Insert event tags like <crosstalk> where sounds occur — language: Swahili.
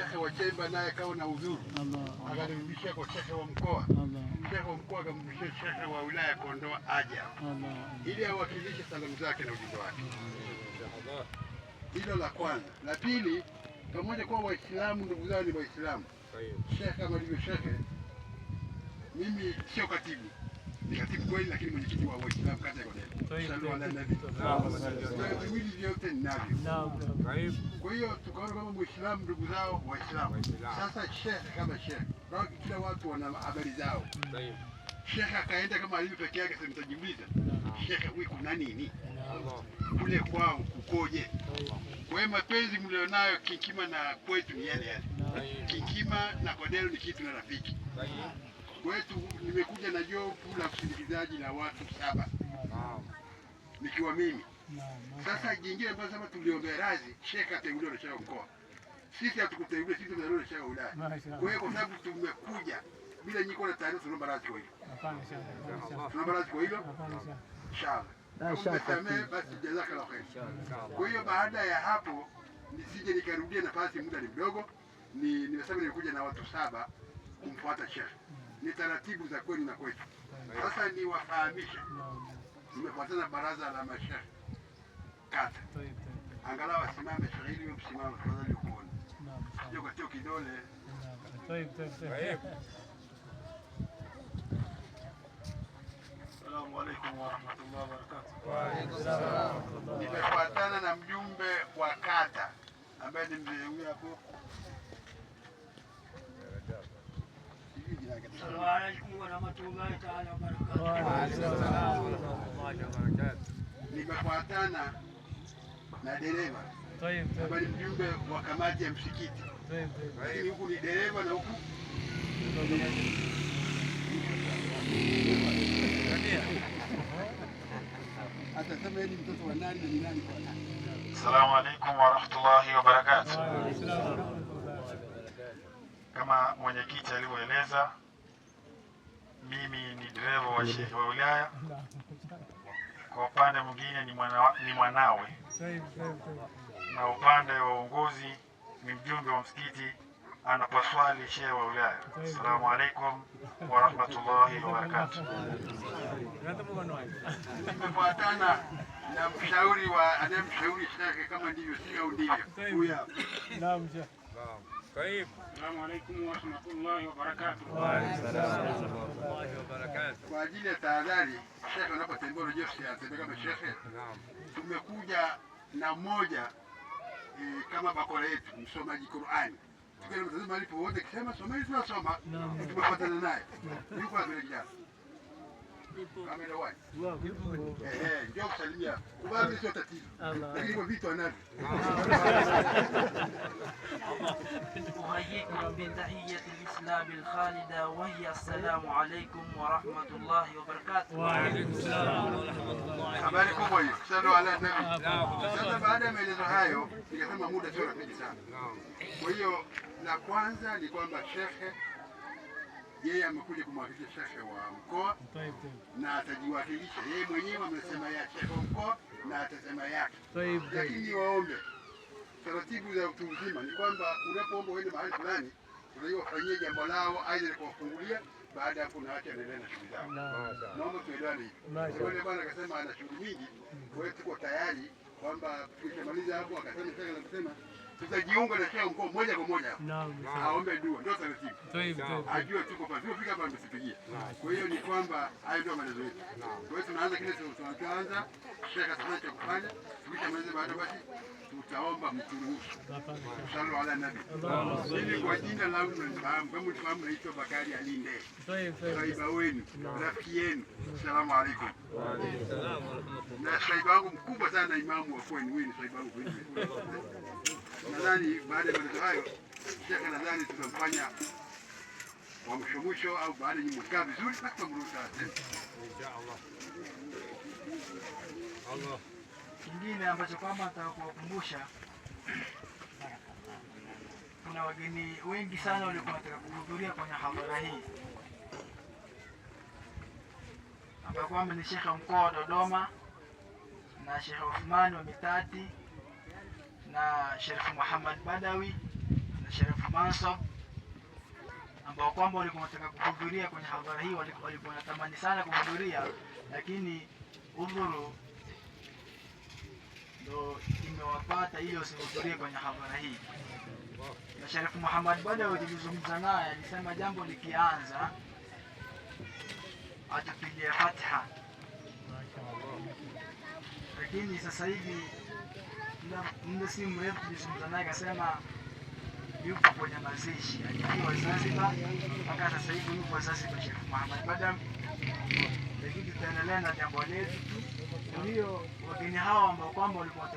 shekhe wa Chemba naye akawa na udhuru, akanirudishia kwa shekhe wa mkoa. Shekhe wa mkoa akamrudishia shekhe wa wilaya Kondoa aja ili awakilishe salamu zake na ujumbe wake. Hilo la kwanza. La pili, pamoja kuwa Waislamu ndugu zao ni Waislamu, shekhe kama alivyo shekhe, mimi sio katibu ni katibu kweli, lakini mwenyekiti wa Waislamu kata viwili vyote ninavyo. Kwa hiyo tukaona kama Muislamu ndugu zao Waislamu. Sasa shekhe kama shekhe, kila watu wana habari zao. Shekhe akaenda kama alivyo peke yake, simtajibiza shekhe huyu kuna nini kule kwao kukoje? Kwa hiyo mapenzi mlionayo Kinkima na kwetu ni yale yale. Kinkima na Kodelo ni kitu na rafiki kwetu Nimekuja na jopu la usindikizaji la watu saba nikiwa mimi. Sasa jingine ambayo sema tuliombea radhi, sheka ateuliwa na shaka mkoa, sisi hatukuteuliwa, sisi tunaona na shaka wilaya. Kwa hiyo kwa sababu tumekuja bila nyiko na taarifa, tunaomba radhi kwa hilo, tunaomba radhi kwa hilo basi, Kwa hiyo baada ya hapo nisije nikarudia nafasi, muda ni mdogo. Ni nimesema nimekuja na watu saba kumfuata shekhe. Mm ni taratibu za kweli na kwetu. Sasa niwafahamishe, nimefuatana baraza la mashehe kata, angalau asimame shahidi huyo, msimama tafadhali, kuona sio katio kidole nimefuatana na mjumbe wa kata ambaye ni mzee huyu hapo Waalaikum na dereva hapa, ni mjumbe wa kamati ya msikiti, lakini huku ni dereva na huku atasema mtoto wa nani na ni nani kwa alaikum warahmatullahi wabarakatuh. Kama mwenyekiti alivyoeleza mimi ni dereva wa shehe wa wilaya, kwa upande mwingine ni, mwana, ni mwanawe, na upande wa uongozi ni mjumbe wa msikiti anapaswali shehe wa wilaya. Assalamu alaikum warahmatullahi wabarakatuh. Tumefuatana na mshauri wa anayemshauri shehe, kama ndivyo si au ndivyo Tayyib. Assalamu alaykum wa rahmatullahi wa barakatuh. Wa alaykum salaam wa rahmatullahi wa barakatuh. Kwa ajili ya tahadhari, shekhe, unapotembea unajua usitembee kama shekhe. Naam. Tumekuja na moja e, kama bakora yetu msomaji Qur'ani. Tukiwa tunasema alipo wote kisema soma hizo tunasoma. Tumepatana naye. Yuko amerejelea. Ndio kusalimia. Kubali sio tatizo. Lakini kwa vitu anavyo. <laughs> أحييكم بتحية الإسلام الخالدة وهي السلام عليكم ورحمة الله وبركاته وعليكم السلام ورحمة الله habari kubwa hii sasa ala nabi sasa baada ya maelezo hayo nikasema muda sio rafiki sana kwa hiyo la kwanza ni kwamba shekhe yeye amekuja kumwakilisha shekhe wa mkoa na atajiwakilisha yeye mwenyewe amesema ya shekhe wa mkoa na atasema yake lakini waombe taratibu za utu uzima ni kwamba unapoomba uende mahali fulani, unajua wafanyie jambo lao, aidha kuwafungulia baada ya hapo na watu anaendelea na shughuli zao. Naomba tuelewane hivi. Yule bwana akasema ana shughuli nyingi, kwa hiyo tuko tayari kwamba tukimaliza hapo, akasema sasa, anasema tutajiunga na kila mkoa moja kwa moja, ah, aombe dua, ndio taratibu, ajue tuko pale, tufika pale, msipigie. Kwa hiyo ni kwamba hayo ndio maelezo yetu. Kwa hiyo tunaanza kile tunachoanza, kile kasema cha kufanya, tukishamaliza baada basi tutaomba mturuhusu, salu ala nabi. Mimi kwa jina langu mnanifahamu, kama mnifahamu, naitwa Bakari Alinde, saiba wenu, rafiki yenu, salamu alaykum. Na saiba wangu mkubwa sana, imamu wa kwenu, huyu ni saiba wangu nadhani baada ya maneno hayo shaka, nadhani tutamfanya wamshomsho au baada ya mkaa vizuri na tutamrudisha tena Allah. Allah, kingine ambacho kama atakuwakumbusha kuna wageni wengi sana walikuwa wanataka kuhudhuria kwenye hadhara hii ambayo kwamba ni shekhe mkoa wa Dodoma na Sheikh Uthmani wa Mitati na Sherifu Muhammad Badawi na Sherifu Manso ambao kwamba walikuwa wanataka kuhudhuria kwenye hadhara hii, walikuwa wanatamani sana kuhudhuria, lakini udhuru ndo imewapata ili wasihudhurie kwenye hadhara hii. Na Sherifu Muhammad Badawi tulizungumza naye, alisema jambo likianza atapigia fatha lakini sasa hivi muda si mrefu naye akasema yuko kwenye mazishi, alikuwa Zanzibar mpaka sasa hivi yupo Zanzibar, Sheikh Muhammad Badam. Lakini tutaendelea na jambo letu tu, ndio wageni hawa ambao kwamba walikuwa